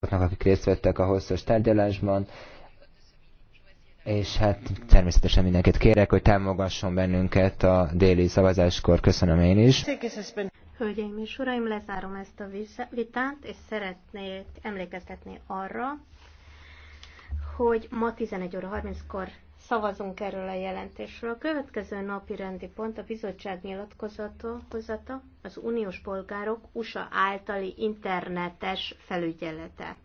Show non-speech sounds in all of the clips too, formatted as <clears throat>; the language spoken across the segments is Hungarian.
azoknak, akik részt vettek a hosszas tárgyalásban, és hát természetesen mindenkit kérek, hogy támogasson bennünket a déli szavazáskor. Köszönöm én is. Hölgyeim és uraim, lezárom ezt a vitát, és szeretnék emlékeztetni arra, hogy ma 11 óra 30-kor Szavazunk erről a jelentésről. A következő napi rendi pont a bizottság nyilatkozata az uniós polgárok USA általi internetes felügyelete.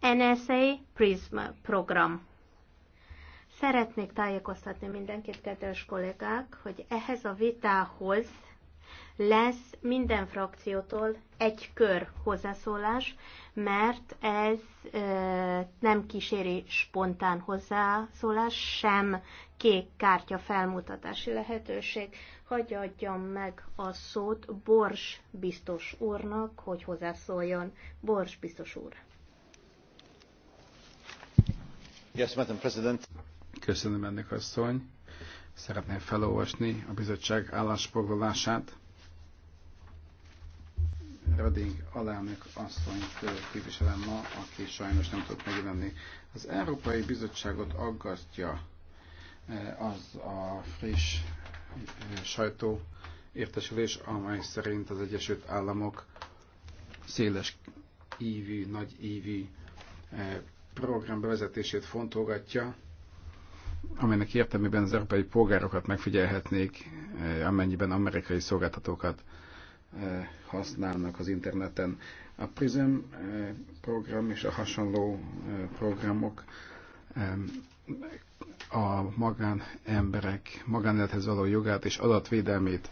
NSA PRISM program. Szeretnék tájékoztatni mindenkit, kedves kollégák, hogy ehhez a vitához lesz minden frakciótól egy kör hozzászólás, mert ez ö, nem kíséri spontán hozzászólás, sem kék kártya felmutatási lehetőség. Hagy adjam meg a szót Bors biztos úrnak, hogy hozzászóljon. Bors biztos úr. Yes, Madam President. Köszönöm ennek asszony. Szeretném felolvasni a bizottság állásfoglalását Reding alelnök asszonyt képviselem ma, aki sajnos nem tudott megjelenni. Az Európai Bizottságot aggasztja az a friss sajtó értesülés, amely szerint az Egyesült Államok széles ívű, nagy ívű program bevezetését fontolgatja, amelynek értelmében az európai polgárokat megfigyelhetnék, amennyiben amerikai szolgáltatókat használnak az interneten. A PRISM program és a hasonló programok a magánemberek magánélethez való jogát és adatvédelmét,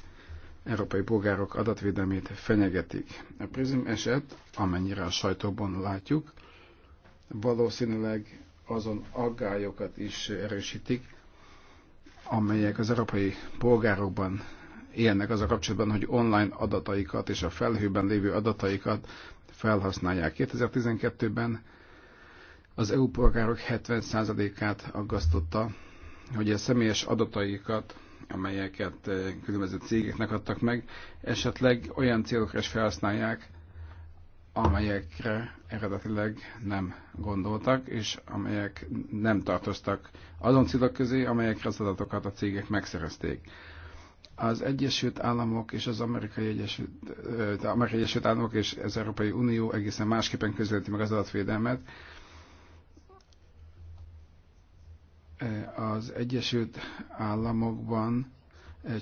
európai polgárok adatvédelmét fenyegetik. A PRISM eset, amennyire a sajtóban látjuk, valószínűleg azon aggályokat is erősítik, amelyek az európai polgárokban élnek az a kapcsolatban, hogy online adataikat és a felhőben lévő adataikat felhasználják. 2012-ben az EU polgárok 70%-át aggasztotta, hogy a személyes adataikat, amelyeket eh, különböző cégeknek adtak meg, esetleg olyan célokra is felhasználják, amelyekre eredetileg nem gondoltak, és amelyek nem tartoztak azon célok közé, amelyekre az adatokat a cégek megszerezték. Az Egyesült Államok és az Amerikai Egyesült, az Amerikai Egyesült Államok és az Európai Unió egészen másképpen közelíti meg az adatvédelmet. Az Egyesült Államokban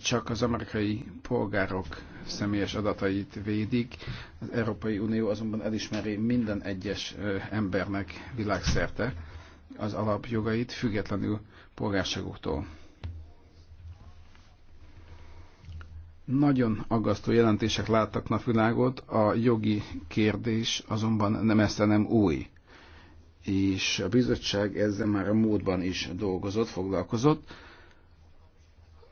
csak az amerikai polgárok személyes adatait védik. Az Európai Unió azonban elismeri minden egyes embernek világszerte az alapjogait függetlenül polgárságuktól. Nagyon aggasztó jelentések láttak napvilágot, a jogi kérdés azonban nem ezt nem új. És a bizottság ezzel már a módban is dolgozott, foglalkozott.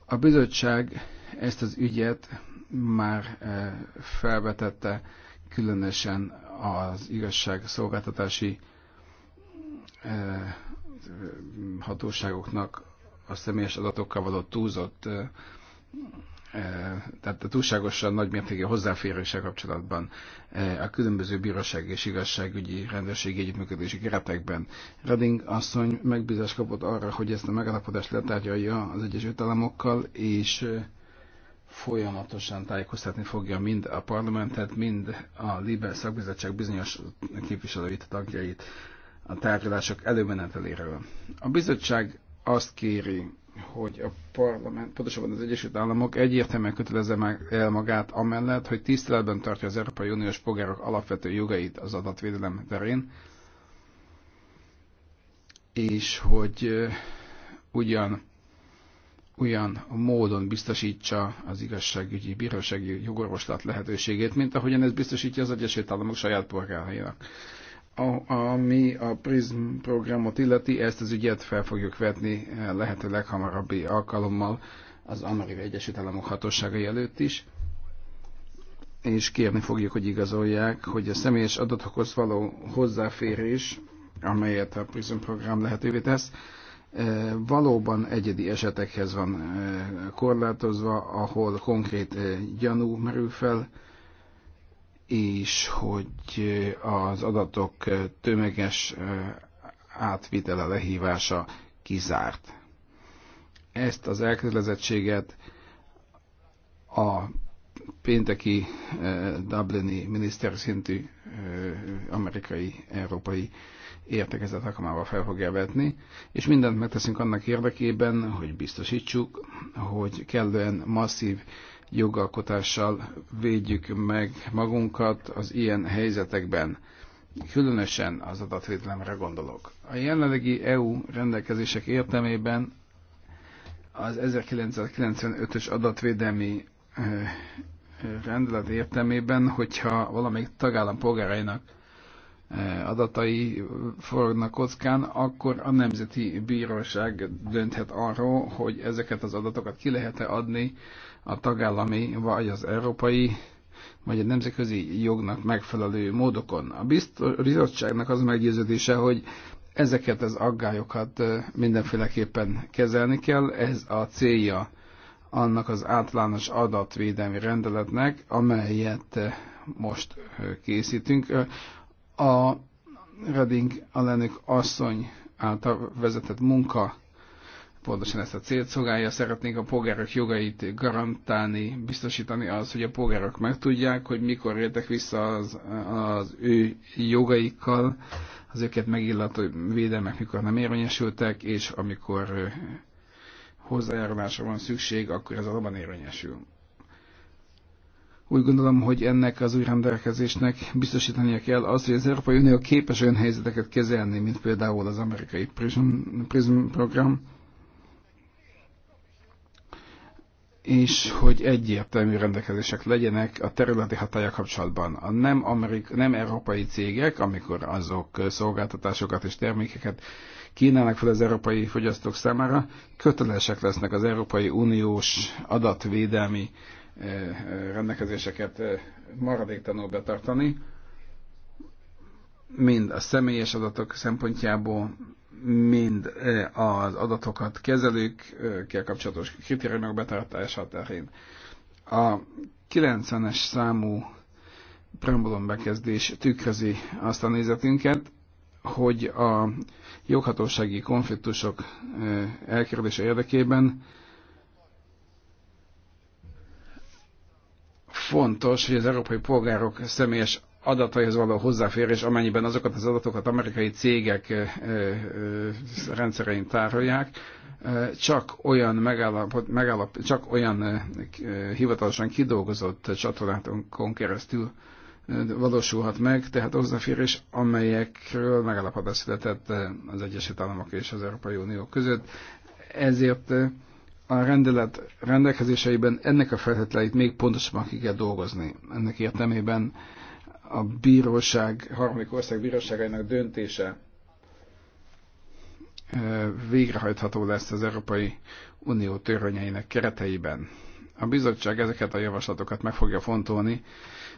A bizottság ezt az ügyet már eh, felvetette különösen az igazságszolgáltatási eh, hatóságoknak a személyes adatokkal való túlzott eh, tehát a túlságosan nagy mértékű hozzáférése kapcsolatban a különböző bíróság és igazságügyi rendőrségi együttműködési keretekben. Reding asszony megbízást kapott arra, hogy ezt a megállapodást letárgyalja az Egyesült Államokkal, és folyamatosan tájékoztatni fogja mind a parlamentet, mind a Libe szakbizottság bizonyos képviselőit, tagjait a tárgyalások előmeneteléről. A bizottság azt kéri hogy a parlament, pontosabban az Egyesült Államok egyértelműen kötelezze el magát amellett, hogy tiszteletben tartja az Európai Uniós polgárok alapvető jogait az adatvédelem terén, és hogy ugyan olyan módon biztosítsa az igazságügyi bírósági jogorvoslat lehetőségét, mint ahogyan ez biztosítja az Egyesült Államok saját polgárainak ami a PRISM programot illeti, ezt az ügyet fel fogjuk vetni eh, lehető leghamarabbi alkalommal az Amerikai Egyesült Államok hatóságai előtt is, és kérni fogjuk, hogy igazolják, hogy a személyes adatokhoz való hozzáférés, amelyet a PRISM program lehetővé tesz, eh, valóban egyedi esetekhez van eh, korlátozva, ahol konkrét gyanú merül fel, és hogy az adatok tömeges átvitele lehívása kizárt. Ezt az elkötelezettséget a pénteki Dublini miniszter szintű amerikai, európai értekezet alkalmával fel fogja vetni, és mindent megteszünk annak érdekében, hogy biztosítsuk, hogy kellően masszív jogalkotással védjük meg magunkat az ilyen helyzetekben. Különösen az adatvédelemre gondolok. A jelenlegi EU rendelkezések értelmében az 1995-ös adatvédelmi rendelet értelmében, hogyha valamelyik tagállam polgárainak adatai forognak kockán, akkor a Nemzeti Bíróság dönthet arról, hogy ezeket az adatokat ki lehet-e adni a tagállami, vagy az európai, vagy a nemzetközi jognak megfelelő módokon. A bizottságnak az meggyőződése, hogy ezeket az aggályokat mindenféleképpen kezelni kell, ez a célja annak az általános adatvédelmi rendeletnek, amelyet most készítünk. A Reding alelnök asszony által vezetett munka pontosan ezt a célt szolgálja, szeretnénk a polgárok jogait garantálni, biztosítani az, hogy a polgárok megtudják, hogy mikor értek vissza az, az ő jogaikkal, az őket megillató védelmek mikor nem érvényesültek, és amikor hozzájárulásra van szükség, akkor ez abban érvényesül. Úgy gondolom, hogy ennek az új rendelkezésnek biztosítania kell azt, hogy az Európai Unió képes olyan helyzeteket kezelni, mint például az amerikai PRISM, PRISM program, és hogy egyértelmű rendelkezések legyenek a területi hatája kapcsolatban. A nem, amerik, nem európai cégek, amikor azok szolgáltatásokat és termékeket kínálnak fel az európai fogyasztók számára, kötelesek lesznek az Európai Uniós adatvédelmi eh, eh, rendelkezéseket eh, maradéktanul betartani, mind a személyes adatok szempontjából, mind eh, az adatokat kezelőkkel eh, kapcsolatos kritériumok betartása terén. A 90-es számú preambulum bekezdés tükrözi azt a nézetünket, hogy a joghatósági konfliktusok eh, elkerülése érdekében fontos, hogy az európai polgárok személyes adataihoz való hozzáférés, amennyiben azokat az adatokat amerikai cégek rendszerein tárolják, csak olyan, megállap, megállap, csak olyan hivatalosan kidolgozott csatornákon keresztül valósulhat meg, tehát hozzáférés, amelyekről megállapodás született az Egyesült Államok és az Európai Unió között. Ezért a rendelet rendelkezéseiben ennek a feltételeit még pontosabban ki kell dolgozni. Ennek értelmében a bíróság, harmadik ország bíróságainak döntése végrehajtható lesz az Európai Unió törvényeinek kereteiben. A bizottság ezeket a javaslatokat meg fogja fontolni,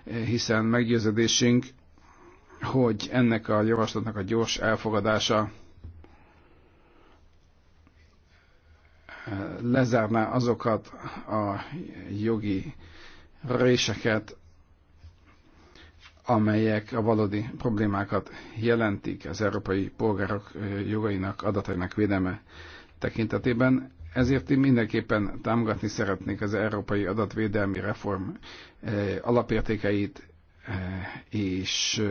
hiszen meggyőződésünk, hogy ennek a javaslatnak a gyors elfogadása lezárná azokat a jogi réseket, amelyek a valódi problémákat jelentik az európai polgárok jogainak, adatainak védelme tekintetében. Ezért én mindenképpen támogatni szeretnék az európai adatvédelmi reform alapértékeit és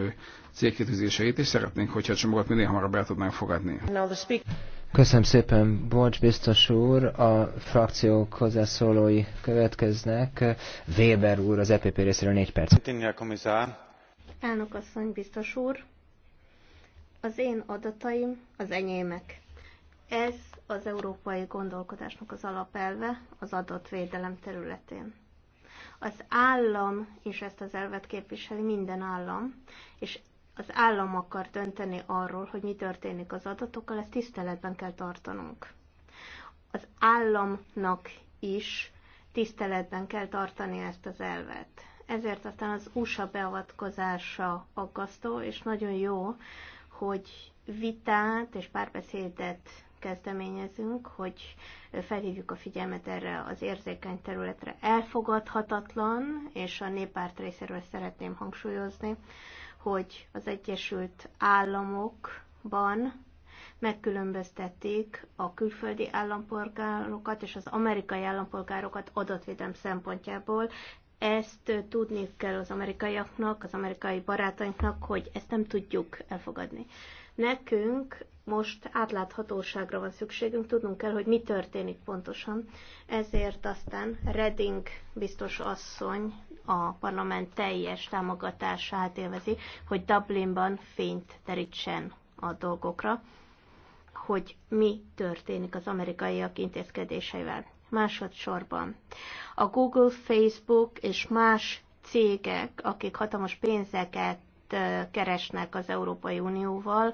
célkitűzéseit, és szeretnénk, hogyha a csomagot minél hamarabb el tudnánk fogadni. Köszönöm szépen, Borcs biztos úr. A frakciók hozzászólói következnek. Weber úr az EPP részéről négy perc. Elnök asszony, biztos úr, az én adataim az enyémek. Ez az európai gondolkodásnak az alapelve az adott védelem területén. Az állam is ezt az elvet képviseli, minden állam, és az állam akar dönteni arról, hogy mi történik az adatokkal, ezt tiszteletben kell tartanunk. Az államnak is tiszteletben kell tartani ezt az elvet ezért aztán az USA beavatkozása aggasztó, és nagyon jó, hogy vitát és párbeszédet kezdeményezünk, hogy felhívjuk a figyelmet erre az érzékeny területre. Elfogadhatatlan, és a néppárt részéről szeretném hangsúlyozni, hogy az Egyesült Államokban megkülönböztetik a külföldi állampolgárokat és az amerikai állampolgárokat adatvédelem szempontjából. Ezt tudni kell az amerikaiaknak, az amerikai barátainknak, hogy ezt nem tudjuk elfogadni. Nekünk most átláthatóságra van szükségünk, tudnunk kell, hogy mi történik pontosan. Ezért aztán Reding biztos asszony a parlament teljes támogatását élvezi, hogy Dublinban fényt terítsen a dolgokra, hogy mi történik az amerikaiak intézkedéseivel. Másodszorban a Google, Facebook és más cégek, akik hatalmas pénzeket keresnek az Európai Unióval,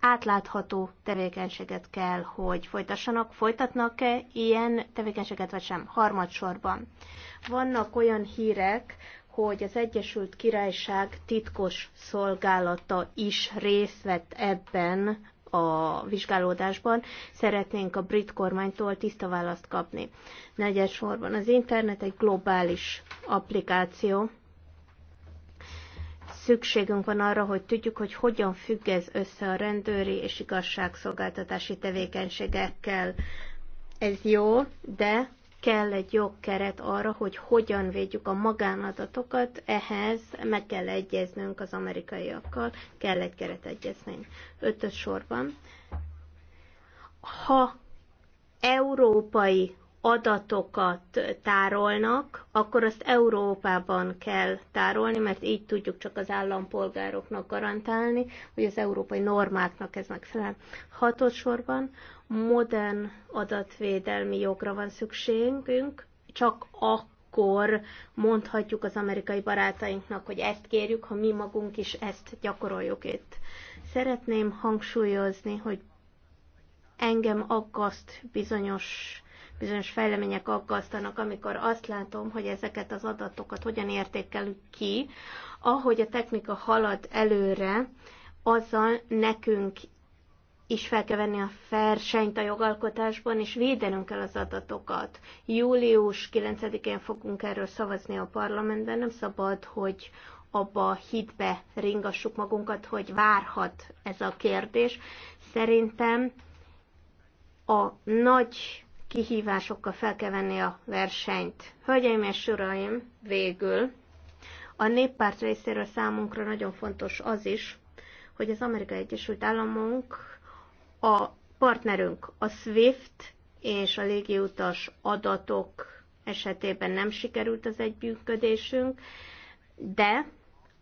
átlátható tevékenységet kell, hogy folytassanak. Folytatnak-e ilyen tevékenységet, vagy sem? Harmadsorban. Vannak olyan hírek, hogy az Egyesült Királyság titkos szolgálata is részt vett ebben a vizsgálódásban, szeretnénk a brit kormánytól tiszta választ kapni. Negyed sorban az internet egy globális applikáció, szükségünk van arra, hogy tudjuk, hogy hogyan függ ez össze a rendőri és igazságszolgáltatási tevékenységekkel. Ez jó, de kell egy jogkeret arra, hogy hogyan védjük a magánadatokat, ehhez meg kell egyeznünk az amerikaiakkal, kell egy keret egyezmény. Ötös sorban, ha európai adatokat tárolnak, akkor azt Európában kell tárolni, mert így tudjuk csak az állampolgároknak garantálni, hogy az európai normáknak ez megfelel. Hatos sorban modern adatvédelmi jogra van szükségünk, csak akkor mondhatjuk az amerikai barátainknak, hogy ezt kérjük, ha mi magunk is ezt gyakoroljuk itt. Szeretném hangsúlyozni, hogy engem aggaszt bizonyos bizonyos fejlemények aggasztanak, amikor azt látom, hogy ezeket az adatokat hogyan értékelünk ki, ahogy a technika halad előre, azzal nekünk is fel kell venni a versenyt a jogalkotásban, és védenünk kell az adatokat. Július 9-én fogunk erről szavazni a parlamentben, nem szabad, hogy abba a hitbe ringassuk magunkat, hogy várhat ez a kérdés. Szerintem a nagy kihívásokkal fel kell venni a versenyt. Hölgyeim és uraim, végül a néppárt részéről számunkra nagyon fontos az is, hogy az Amerikai Egyesült államunk. A partnerünk a SWIFT és a légiutas adatok esetében nem sikerült az együttműködésünk, de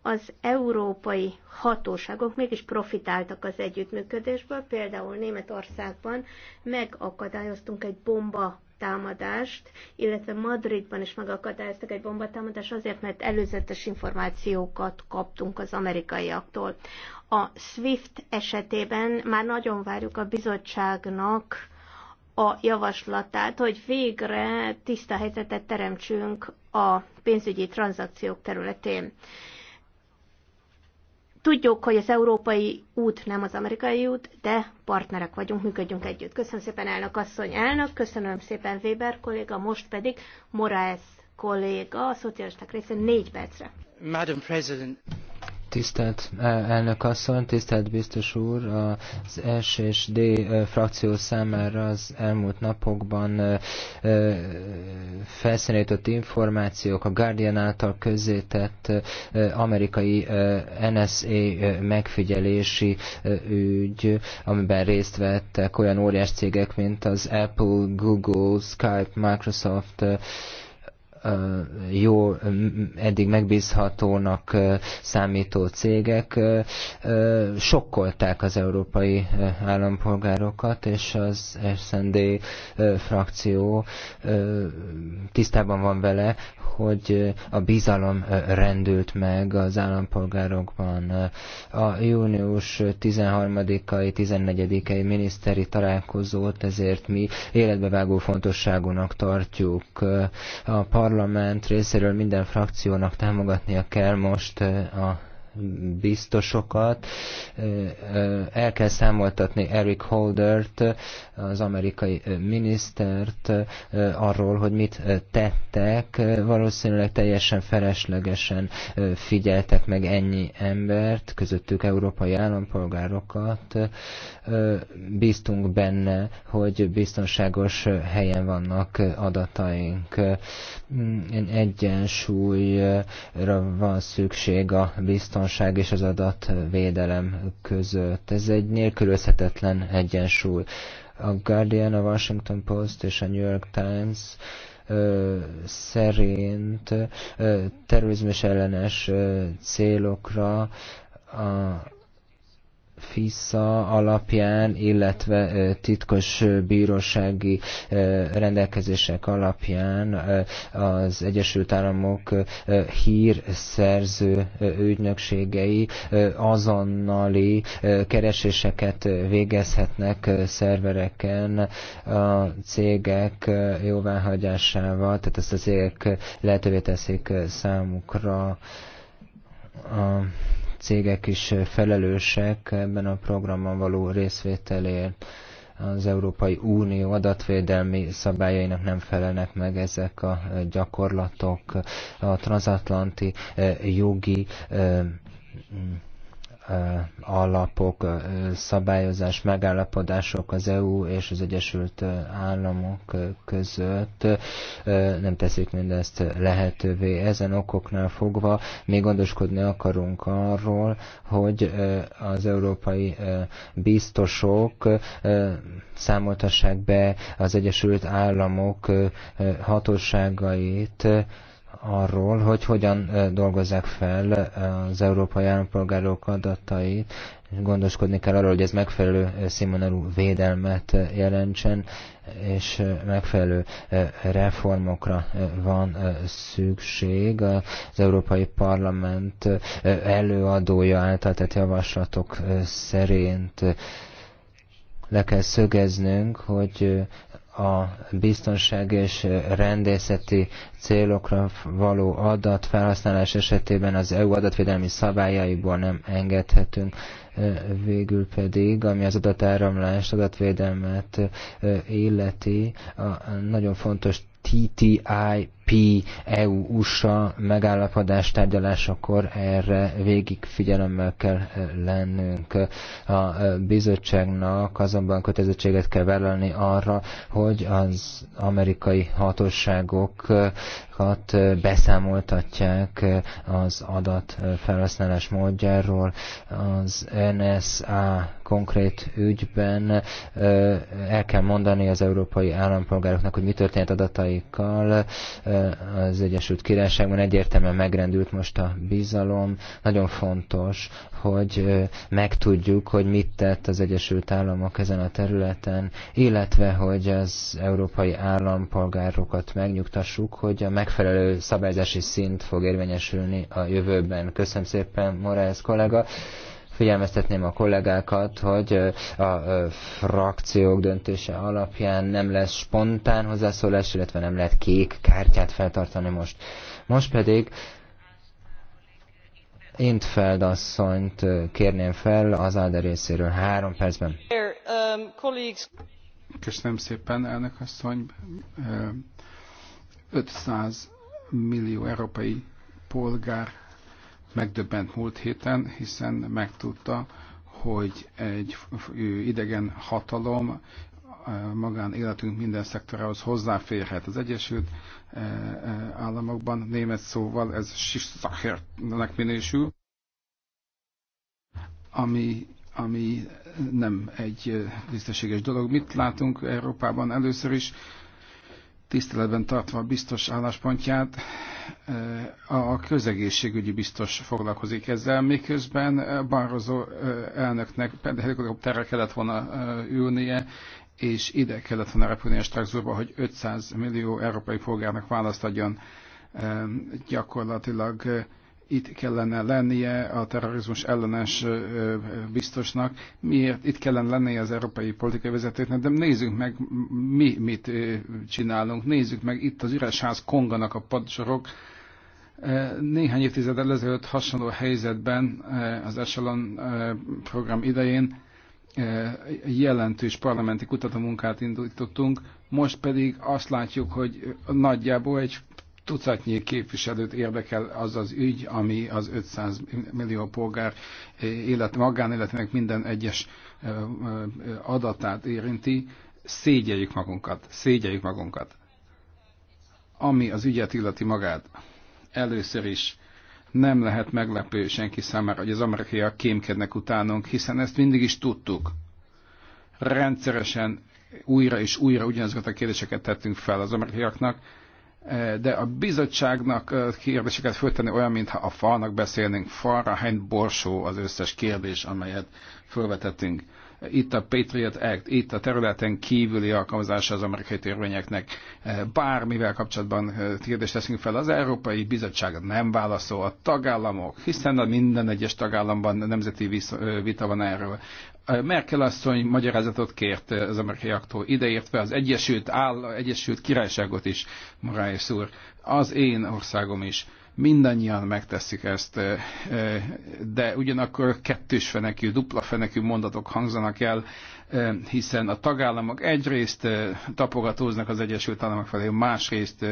az európai hatóságok mégis profitáltak az együttműködésből. Például Németországban megakadályoztunk egy bomba bombatámadást, illetve Madridban is megakadályoztak egy bombatámadást azért, mert előzetes információkat kaptunk az amerikaiaktól. A SWIFT esetében már nagyon várjuk a bizottságnak a javaslatát, hogy végre tiszta helyzetet teremtsünk a pénzügyi tranzakciók területén Tudjuk, hogy az európai út nem az amerikai út, de partnerek vagyunk, működjünk együtt. Köszönöm szépen, elnök asszony, elnök, köszönöm szépen Weber kolléga, most pedig Moraes kolléga, a szocialisták részén négy percre. Madam President. Tisztelt e, elnök asszony, tisztelt biztos úr, az S és D e, frakció számára az elmúlt napokban e, felszínított információk, a Guardian által közzétett amerikai NSA megfigyelési ügy, amiben részt vettek olyan óriás cégek, mint az Apple, Google, Skype, Microsoft, jó, eddig megbízhatónak számító cégek sokkolták az európai állampolgárokat, és az SND frakció tisztában van vele, hogy a bizalom rendült meg az állampolgárokban. A június 13-ai, 14-ei miniszteri találkozót ezért mi életbevágó fontosságúnak tartjuk. A parlament részéről minden frakciónak támogatnia kell most a biztosokat. El kell számoltatni Eric Holdert, az amerikai minisztert arról, hogy mit tettek. Valószínűleg teljesen feleslegesen figyeltek meg ennyi embert, közöttük európai állampolgárokat. Bíztunk benne, hogy biztonságos helyen vannak adataink. Egyensúlyra van szükség a biztonságos biztonság és az adatvédelem között. Ez egy nélkülözhetetlen egyensúly. A Guardian, a Washington Post és a New York Times szerint terrorizmus ellenes célokra a FISA alapján, illetve titkos bírósági rendelkezések alapján az Egyesült Államok hírszerző ügynökségei azonnali kereséseket végezhetnek szervereken a cégek jóváhagyásával, tehát ezt a cégek lehetővé teszik számukra a cégek is felelősek ebben a programban való részvételért. Az Európai Unió adatvédelmi szabályainak nem felelnek meg ezek a gyakorlatok. A transatlanti eh, jogi eh, Eh, alapok, eh, szabályozás, megállapodások az EU és az Egyesült eh, Államok között nem teszik mindezt lehetővé. Ezen okoknál fogva mi gondoskodni akarunk arról, hogy az európai biztosok számoltassák be az Egyesült Államok hatóságait, arról, hogy hogyan dolgozzák fel az európai állampolgárok adatait, és gondoskodni kell arról, hogy ez megfelelő színvonalú védelmet jelentsen, és megfelelő reformokra van szükség. Az Európai Parlament előadója által tett javaslatok szerint le kell szögeznünk, hogy a biztonság és rendészeti célokra való adat felhasználás esetében az EU adatvédelmi szabályaiból nem engedhetünk. Végül pedig, ami az adatáramlást, adatvédelmet illeti, a nagyon fontos TTIP TTIP EU-USA megállapodás tárgyalásakor erre végig figyelemmel kell eh, lennünk. A eh, bizottságnak azonban kötelezettséget kell vállalni arra, hogy az amerikai hatóságokat eh, beszámoltatják az adat felhasználás módjáról. Az NSA konkrét ügyben el kell mondani az európai állampolgároknak, hogy mi történt adataikkal, az Egyesült Királyságban egyértelműen megrendült most a bizalom. Nagyon fontos, hogy megtudjuk, hogy mit tett az Egyesült Államok ezen a területen, illetve hogy az európai állampolgárokat megnyugtassuk, hogy a megfelelő szabályzási szint fog érvényesülni a jövőben. Köszönöm szépen, Morales kollega. Figyelmeztetném a kollégákat, hogy a frakciók döntése alapján nem lesz spontán hozzászólás, illetve nem lehet kék kártyát feltartani most. Most pedig Intfeld asszonyt kérném fel az Áder részéről három percben. Köszönöm szépen, elnök asszony. 500 millió európai polgár megdöbbent múlt héten, hiszen megtudta, hogy egy idegen hatalom eh, magán életünk minden szektorához hozzáférhet. Az Egyesült eh, eh, Államokban német szóval ez Schichtsachernek minősül, ami, ami nem egy tisztességes dolog. Mit látunk Európában először is? tiszteletben tartva a biztos álláspontját, eh, a közegészségügyi biztos foglalkozik ezzel, miközben eh, Barroso eh, elnöknek helikopterre kellett volna ülnie, és ide kellett volna a Strasbourgba, hogy 500 millió európai polgárnak választ adjon gyakorlatilag itt kellene lennie a terrorizmus ellenes biztosnak, miért itt kellene lennie az európai politikai vezetőknek, de nézzük meg, mi mit csinálunk, nézzük meg itt az üres ház konganak a padsorok, néhány évtized ezelőtt hasonló helyzetben az Echelon program idején jelentős parlamenti kutatómunkát indítottunk, most pedig azt látjuk, hogy nagyjából egy tucatnyi képviselőt érdekel az az ügy, ami az 500 millió polgár élet, eh, magánéletének minden egyes eh, eh, adatát érinti. Szégyeljük magunkat, szégyeljük magunkat. Ami az ügyet illeti magát, először is nem lehet meglepő senki számára, hogy az amerikaiak kémkednek utánunk, hiszen ezt mindig is tudtuk. Rendszeresen újra és újra ugyanazokat a kérdéseket tettünk fel az amerikaiaknak, Eh, de a bizottságnak eh, kérdéseket föltenni olyan, mintha a falnak beszélnénk, falra hány borsó az összes kérdés, amelyet fölvetettünk. Itt a Patriot Act, itt a területen kívüli alkalmazása az amerikai törvényeknek. Eh, bármivel kapcsolatban kérdést teszünk fel, az Európai Bizottság nem válaszol, a tagállamok, hiszen a minden egyes tagállamban nemzeti vita van erről. Merkel asszony magyarázatot kért az amerikaiaktól, ideértve az Egyesült, Áll, Egyesült Királyságot is, Morális úr, az én országom is. Mindannyian megteszik ezt, de ugyanakkor kettős fenekű, dupla fenekű mondatok hangzanak el, hiszen a tagállamok egyrészt tapogatóznak az Egyesült Államok felé, másrészt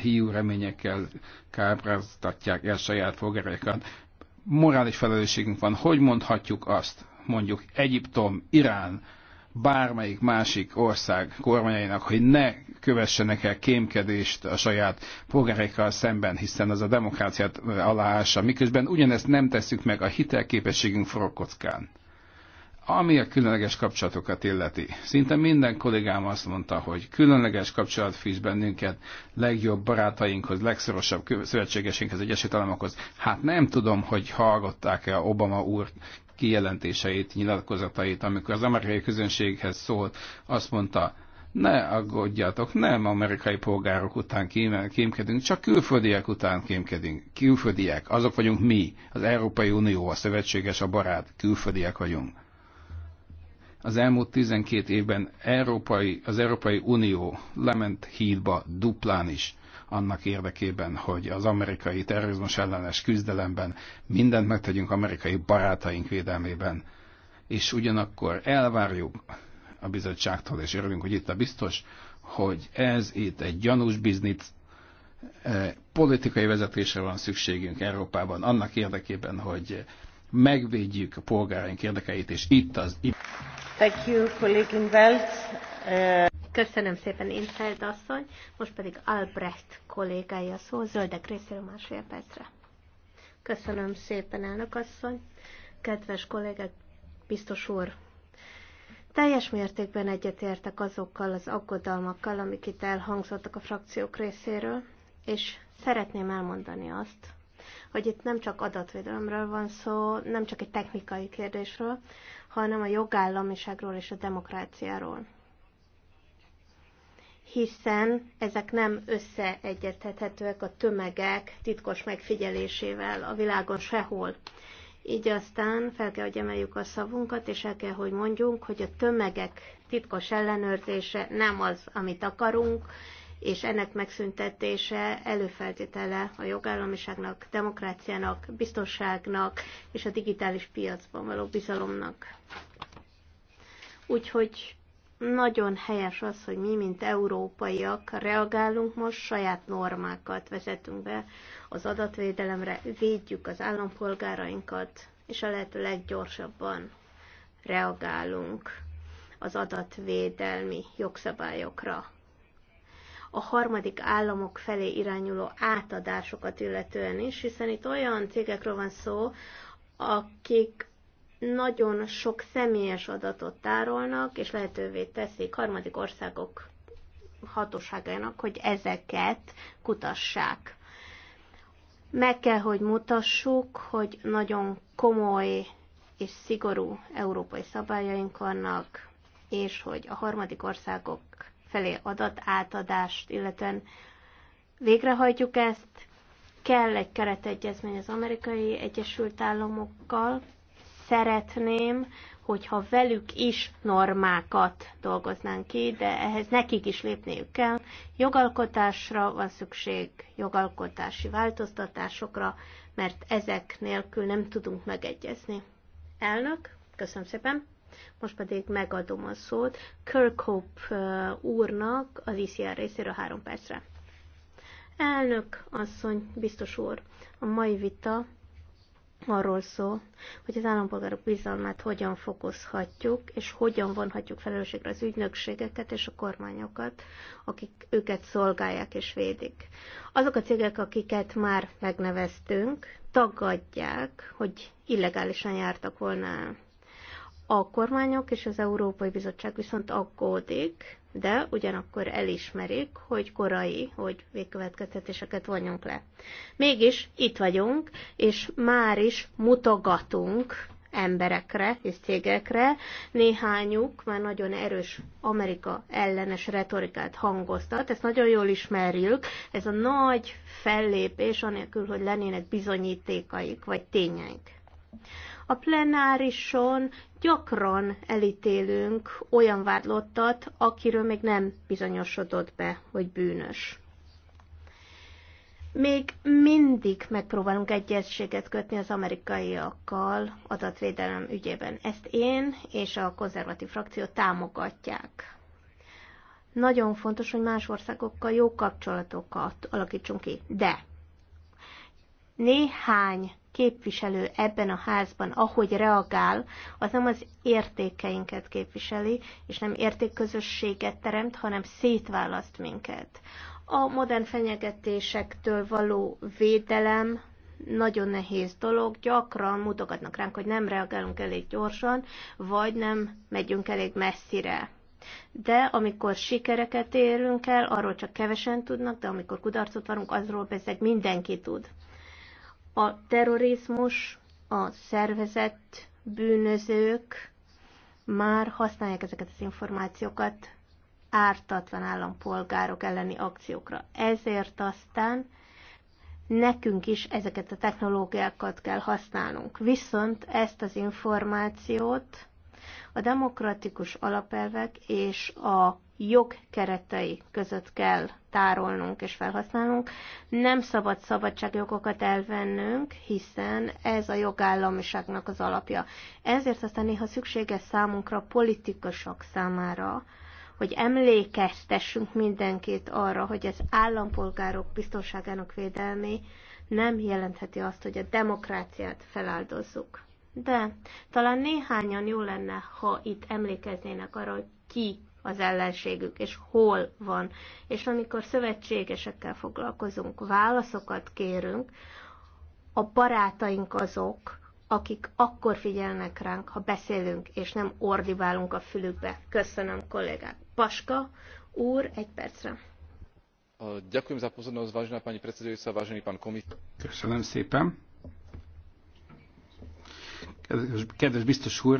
hiú reményekkel kábráztatják el saját polgáraikat morális felelősségünk van, hogy mondhatjuk azt, mondjuk Egyiptom, Irán, bármelyik másik ország kormányainak, hogy ne kövessenek el kémkedést a saját polgáraikkal szemben, hiszen az a demokráciát aláása, miközben ugyanezt nem tesszük meg a hitelképességünk forog kockán. Ami a különleges kapcsolatokat illeti. Szinte minden kollégám azt mondta, hogy különleges kapcsolat fűz bennünket legjobb barátainkhoz, legszorosabb szövetségesünkhez, Egyesült Államokhoz. Hát nem tudom, hogy hallgatták-e Obama úr kijelentéseit, nyilatkozatait, amikor az amerikai közönséghez szólt, azt mondta, ne aggódjatok, nem amerikai polgárok után kémkedünk, csak külföldiek után kémkedünk. Külföldiek, azok vagyunk mi, az Európai Unió, a szövetséges, a barát, külföldiek vagyunk. Az elmúlt 12 évben Európai, az Európai Unió lement hídba duplán is annak érdekében, hogy az amerikai terrorizmus ellenes küzdelemben mindent megtegyünk amerikai barátaink védelmében, és ugyanakkor elvárjuk a bizottságtól, és örülünk, hogy itt a biztos, hogy ez itt egy gyanús biznisz, eh, politikai vezetésre van szükségünk Európában annak érdekében, hogy megvédjük a polgáraink érdekeit, és itt az... Thank you, colleague Invelt. Köszönöm szépen, Infeld asszony. Most pedig Albrecht kollégája szó, zöldek részéről másfél percre. Köszönöm szépen, elnök asszony. Kedves kollégák, biztos úr, teljes mértékben egyetértek azokkal az aggodalmakkal, amik itt elhangzottak a frakciók részéről, és szeretném elmondani azt, hogy itt nem csak adatvédelemről van szó, nem csak egy technikai kérdésről, hanem a jogállamiságról és a demokráciáról hiszen ezek nem összeegyeztethetőek a tömegek titkos megfigyelésével a világon sehol. Így aztán fel kell, hogy emeljük a szavunkat, és el kell, hogy mondjunk, hogy a tömegek titkos ellenőrzése nem az, amit akarunk, és ennek megszüntetése előfeltétele a jogállamiságnak, demokráciának, biztonságnak és a digitális piacban való bizalomnak. Úgyhogy nagyon helyes az, hogy mi, mint európaiak reagálunk most, saját normákat vezetünk be az adatvédelemre, védjük az állampolgárainkat, és a lehető leggyorsabban reagálunk az adatvédelmi jogszabályokra. A harmadik államok felé irányuló átadásokat illetően is, hiszen itt olyan cégekről van szó, akik nagyon sok személyes adatot tárolnak, és lehetővé teszik harmadik országok hatóságainak, hogy ezeket kutassák. Meg kell, hogy mutassuk, hogy nagyon komoly és szigorú európai szabályaink vannak, és hogy a harmadik országok felé adat átadást, illetően végrehajtjuk ezt, kell egy keretegyezmény az amerikai Egyesült Államokkal, szeretném, hogyha velük is normákat dolgoznánk ki, de ehhez nekik is lépniük kell. Jogalkotásra van szükség, jogalkotási változtatásokra, mert ezek nélkül nem tudunk megegyezni. Elnök, köszönöm szépen. Most pedig megadom a szót Kirkhope úrnak az ICR részéről három percre. Elnök asszony, biztos úr, a mai vita arról szól, hogy az állampolgárok bizalmát hogyan fokozhatjuk, és hogyan vonhatjuk felelősségre az ügynökségeket és a kormányokat, akik őket szolgálják és védik. Azok a cégek, akiket már megneveztünk, tagadják, hogy illegálisan jártak volna a kormányok és az Európai Bizottság viszont aggódik, de ugyanakkor elismerik, hogy korai, hogy végkövetkeztetéseket vonjunk le. Mégis itt vagyunk, és már is mutogatunk emberekre és cégekre. Néhányuk már nagyon erős Amerika ellenes retorikát hangoztat, ezt nagyon jól ismerjük. Ez a nagy fellépés, anélkül, hogy lennének bizonyítékaik vagy tényeik. A plenárison gyakran elítélünk olyan vádlottat, akiről még nem bizonyosodott be, hogy bűnös. Még mindig megpróbálunk egyességet kötni az amerikaiakkal adatvédelem ügyében. Ezt én és a konzervatív frakció támogatják. Nagyon fontos, hogy más országokkal jó kapcsolatokat alakítsunk ki, de néhány képviselő ebben a házban, ahogy reagál, az nem az értékeinket képviseli, és nem értékközösséget teremt, hanem szétválaszt minket. A modern fenyegetésektől való védelem nagyon nehéz dolog, gyakran mutogatnak ránk, hogy nem reagálunk elég gyorsan, vagy nem megyünk elég messzire. De amikor sikereket érünk el, arról csak kevesen tudnak, de amikor kudarcot varunk, azról bezeg mindenki tud. A terrorizmus, a szervezett bűnözők már használják ezeket az információkat ártatlan állampolgárok elleni akciókra. Ezért aztán nekünk is ezeket a technológiákat kell használnunk. Viszont ezt az információt a demokratikus alapelvek és a jog keretei között kell tárolnunk és felhasználnunk. Nem szabad szabadságjogokat elvennünk, hiszen ez a jogállamiságnak az alapja. Ezért aztán néha szükséges számunkra, politikusok számára, hogy emlékeztessünk mindenkit arra, hogy az állampolgárok biztonságának védelmi nem jelentheti azt, hogy a demokráciát feláldozzuk. De talán néhányan jó lenne, ha itt emlékeznének arra, hogy ki az ellenségük, és hol van. És amikor szövetségesekkel foglalkozunk, válaszokat kérünk, a barátaink azok, akik akkor figyelnek ránk, ha beszélünk, és nem ordiválunk a fülükbe. Köszönöm, kollégák. Paska úr, egy percre. Ďakujem za pozornosť, vážená pani predsedajúca, vážený pán komisár. Köszönöm szépen. Kedves, kedves biztos úr,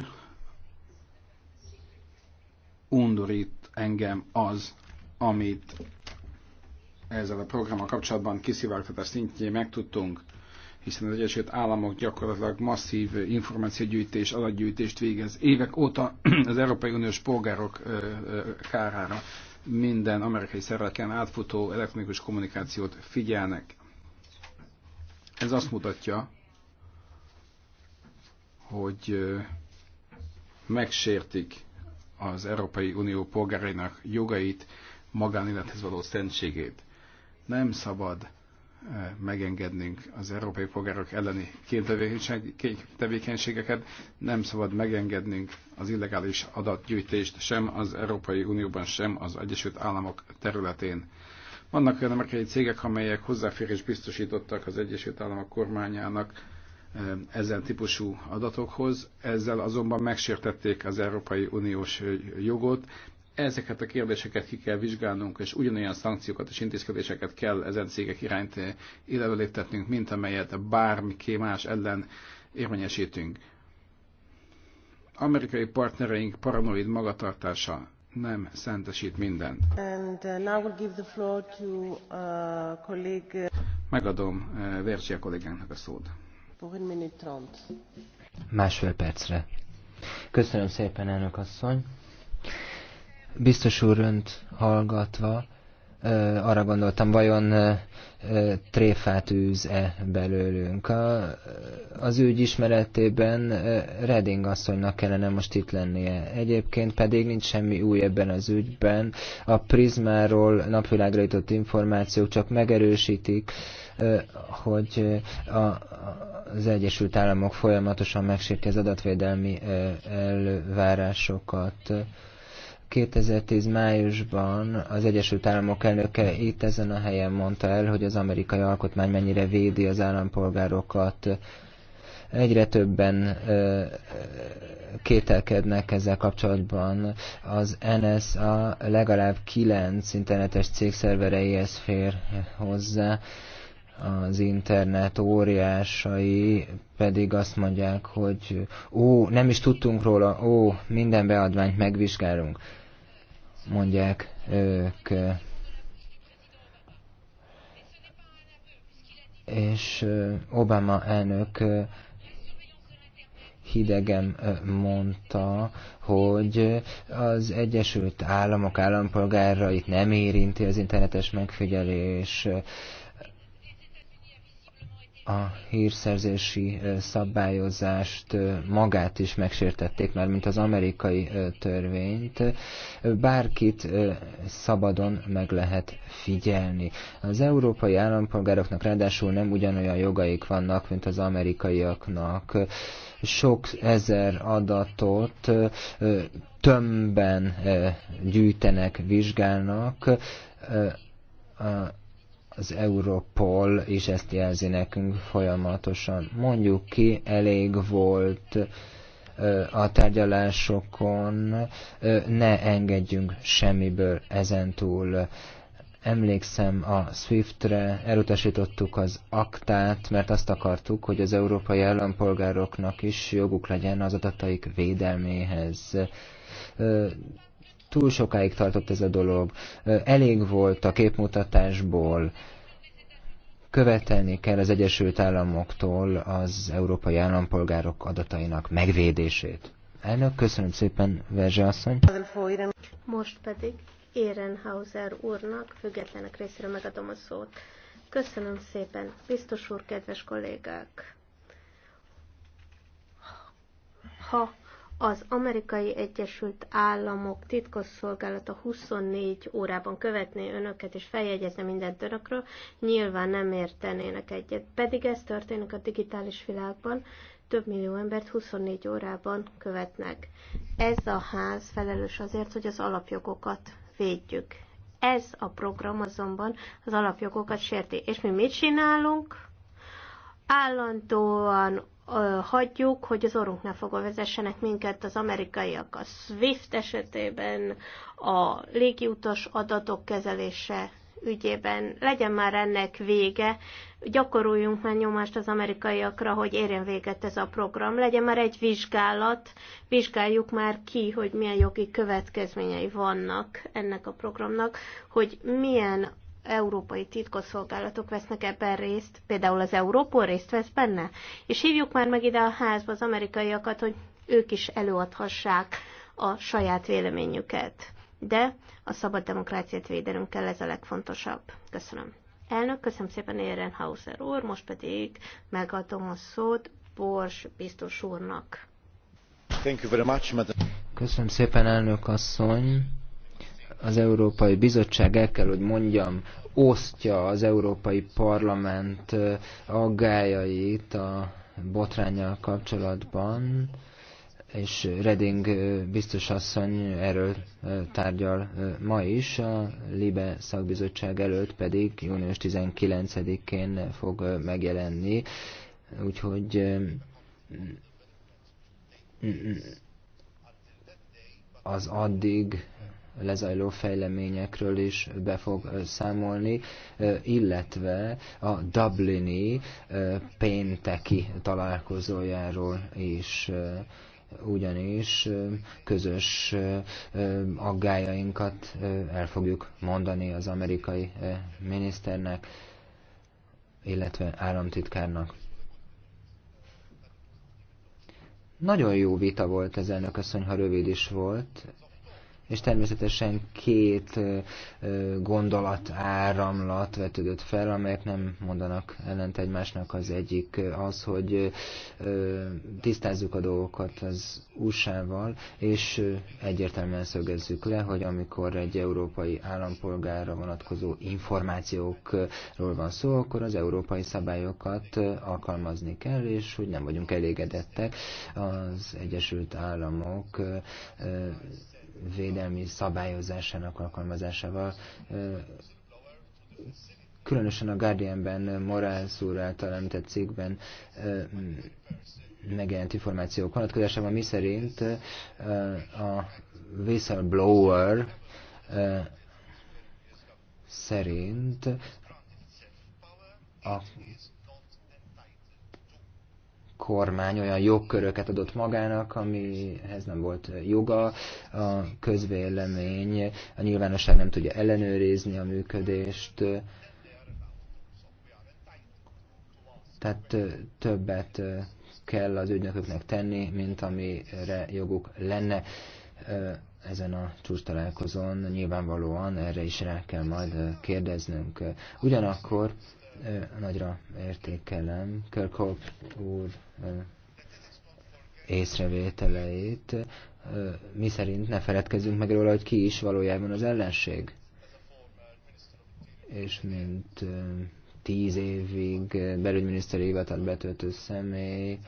undorít engem az, amit ezzel a programmal kapcsolatban kiszivárgtatás szintjén megtudtunk, hiszen az Egyesült Államok gyakorlatilag masszív információgyűjtés, adatgyűjtést végez évek óta <clears throat> az Európai Uniós polgárok kárára minden amerikai szerveken átfutó elektronikus kommunikációt figyelnek. Ez azt mutatja, hogy megsértik az Európai Unió polgárainak jogait, magánélethez való szentségét. Nem szabad eh, megengednünk az európai polgárok elleni tevékenységeket, nem szabad megengednünk az illegális adatgyűjtést sem az Európai Unióban, sem az Egyesült Államok területén. Vannak olyan amerikai cégek, amelyek hozzáférés biztosítottak az Egyesült Államok kormányának Eh, ezen típusú adatokhoz, ezzel azonban megsértették az Európai Uniós eh, jogot. Ezeket a kérdéseket ki kell vizsgálnunk, és ugyanolyan szankciókat és intézkedéseket kell ezen cégek irányt illetőléptetnünk, eh, mint amelyet bármiké más ellen érvényesítünk. Amerikai partnereink paranoid magatartása nem szentesít mindent. And uh, now we'll give the floor to, a uh, colleague... Megadom uh, Vercsia a szót. Másfél percre. Köszönöm szépen, elnök asszony. Biztos úr önt hallgatva, arra gondoltam, vajon tréfát űz-e belőlünk. A, az ügy ismeretében Reding asszonynak kellene most itt lennie. Egyébként pedig nincs semmi új ebben az ügyben. A prizmáról napvilágra jutott információk csak megerősítik, hogy az Egyesült Államok folyamatosan megsérti az adatvédelmi elvárásokat. 2010 májusban az Egyesült Államok elnöke itt ezen a helyen mondta el, hogy az amerikai alkotmány mennyire védi az állampolgárokat. Egyre többen ö, kételkednek ezzel kapcsolatban. Az NSA legalább kilenc internetes cégszervereihez fér hozzá. Ö, az internet óriásai pedig azt mondják, hogy ó, nem is tudtunk róla, ó, minden beadványt megvizsgálunk, mondják ők. És Obama elnök hidegen mondta, hogy az Egyesült Államok állampolgárait nem érinti az internetes megfigyelés, a hírszerzési szabályozást magát is megsértették, már mint az amerikai törvényt. Bárkit szabadon meg lehet figyelni. Az európai állampolgároknak ráadásul nem ugyanolyan jogaik vannak, mint az amerikaiaknak. Sok ezer adatot tömbben gyűjtenek, vizsgálnak az Europol is ezt jelzi nekünk folyamatosan. Mondjuk ki, elég volt a tárgyalásokon, ne engedjünk semmiből ezentúl. Emlékszem a SWIFT-re, elutasítottuk az aktát, mert azt akartuk, hogy az európai állampolgároknak is joguk legyen az adataik védelméhez Túl sokáig tartott ez a dolog. Elég volt a képmutatásból. Követelni kell az Egyesült Államoktól az európai állampolgárok adatainak megvédését. Elnök, köszönöm szépen, Verzse asszony. Most pedig Ehrenhauser úrnak, függetlenek részéről megadom a szót. Köszönöm szépen, biztos úr, kedves kollégák! Ha az Amerikai Egyesült Államok titkosszolgálata 24 órában követné önöket és feljegyezne mindent önökről, nyilván nem értenének egyet. Pedig ez történik a digitális világban, több millió embert 24 órában követnek. Ez a ház felelős azért, hogy az alapjogokat védjük. Ez a program azonban az alapjogokat sérti. És mi mit csinálunk? Állandóan hagyjuk, hogy az ne fogva vezessenek minket az amerikaiak. A SWIFT esetében a légiutas adatok kezelése ügyében legyen már ennek vége, gyakoroljunk már nyomást az amerikaiakra, hogy érjen véget ez a program, legyen már egy vizsgálat, vizsgáljuk már ki, hogy milyen jogi következményei vannak ennek a programnak, hogy milyen európai titkosszolgálatok vesznek ebben részt, például az Európol részt vesz benne, és hívjuk már meg ide a házba az amerikaiakat, hogy ők is előadhassák a saját véleményüket. De a szabad demokráciát védenünk kell, ez a legfontosabb. Köszönöm. Elnök, köszönöm szépen Ehrenhauser úr, most pedig megadom a szót Bors biztos úrnak. Thank you very much, madam. Köszönöm szépen, elnök asszony az Európai Bizottság, el kell, hogy mondjam, osztja az Európai Parlament aggájait a botrányjal kapcsolatban, és Reding biztos asszony erről tárgyal ma is, a Libe szakbizottság előtt pedig június 19-én fog megjelenni, úgyhogy az addig lezajló fejleményekről is be fog számolni, illetve a Dublini pénteki találkozójáról is ugyanis közös aggájainkat el fogjuk mondani az amerikai miniszternek, illetve államtitkárnak. Nagyon jó vita volt ez elnök asszony, ha rövid is volt, és természetesen két gondolat áramlat vetődött fel, amelyek nem mondanak ellent egymásnak. Az egyik az, hogy tisztázzuk a dolgokat az USA-val, és egyértelműen szögezzük le, hogy amikor egy európai állampolgárra vonatkozó információkról van szó, akkor az európai szabályokat alkalmazni kell, és hogy nem vagyunk elégedettek. Az Egyesült Államok védelmi szabályozásának alkalmazásával. Különösen a Guardianben, Morales úr által említett cikkben megjelent információk vonatkozásában, mi szerint a whistleblower szerint a kormány olyan jogköröket adott magának, amihez nem volt joga, a közvélemény, a nyilvánosság nem tudja ellenőrizni a működést, tehát többet kell az ügynököknek tenni, mint amire joguk lenne ezen a csúcs találkozón. Nyilvánvalóan erre is rá kell majd kérdeznünk. Ugyanakkor nagyra értékelem Kirkhope úr észrevételeit, mi szerint ne feledkezzünk meg róla, hogy ki is valójában az ellenség. És mint tíz évig belügyminiszteri hivatalt betöltő személy,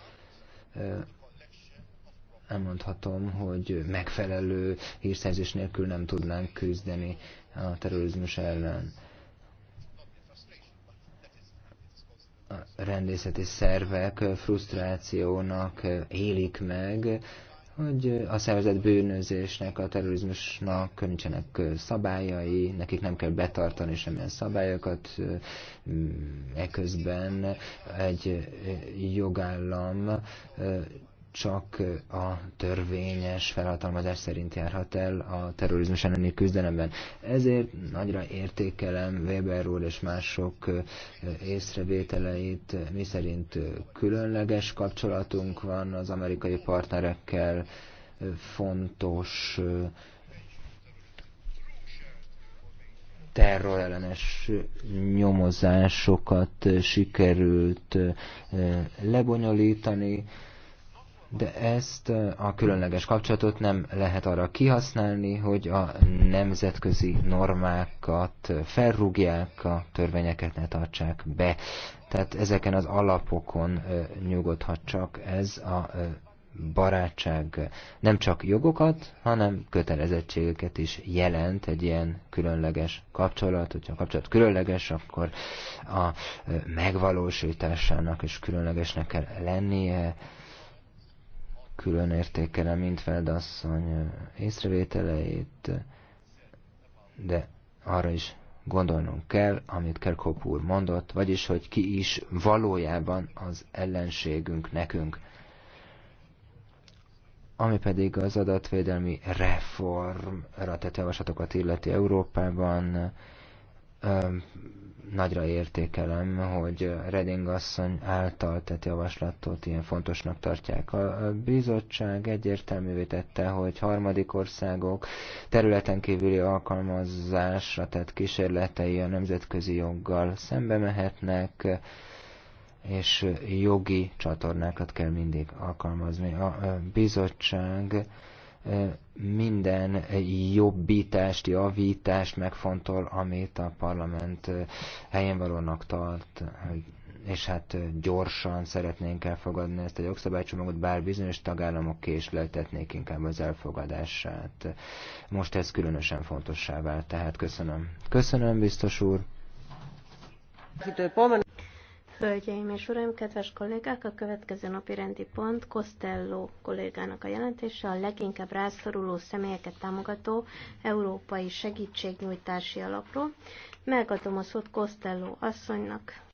elmondhatom, hogy megfelelő hírszerzés nélkül nem tudnánk küzdeni a terrorizmus ellen. a rendészeti szervek frusztrációnak élik meg, hogy a szervezet bűnözésnek, a terrorizmusnak nincsenek szabályai, nekik nem kell betartani semmilyen szabályokat, eközben egy jogállam csak a törvényes felhatalmazás szerint járhat el a terrorizmus elleni küzdelemben. Ezért nagyra értékelem Weber úr és mások észrevételeit, szerint különleges kapcsolatunk van az amerikai partnerekkel, fontos terrorellenes nyomozásokat sikerült lebonyolítani, de ezt a különleges kapcsolatot nem lehet arra kihasználni, hogy a nemzetközi normákat felrúgják, a törvényeket ne tartsák be. Tehát ezeken az alapokon nyugodhat csak ez a barátság nem csak jogokat, hanem kötelezettségeket is jelent egy ilyen különleges kapcsolat. Hogyha a kapcsolat különleges, akkor a megvalósításának is különlegesnek kell lennie külön értékelem Intfeld asszony észrevételeit, de arra is gondolnunk kell, amit Kerkhope úr mondott, vagyis, hogy ki is valójában az ellenségünk nekünk. Ami pedig az adatvédelmi reformra tett javaslatokat illeti Európában, nagyra értékelem, hogy Reding asszony által tett javaslatot ilyen fontosnak tartják. A bizottság egyértelművé tette, hogy harmadik országok területen kívüli alkalmazásra tett kísérletei a nemzetközi joggal szembe mehetnek, és jogi csatornákat kell mindig alkalmazni. A bizottság minden jobbítást, javítást megfontol, amit a parlament eh, helyén valónak tart, és hát eh, gyorsan szeretnénk elfogadni ezt a jogszabálycsomagot, bár bizonyos tagállamok késleltetnék inkább az elfogadását. Most ez különösen fontossá vált, tehát köszönöm. Köszönöm, biztos úr. Hölgyeim és uraim, kedves kollégák, a következő napi rendi pont Costello kollégának a jelentése a leginkább rászoruló személyeket támogató európai segítségnyújtási alapról. Megadom a szót Costello asszonynak.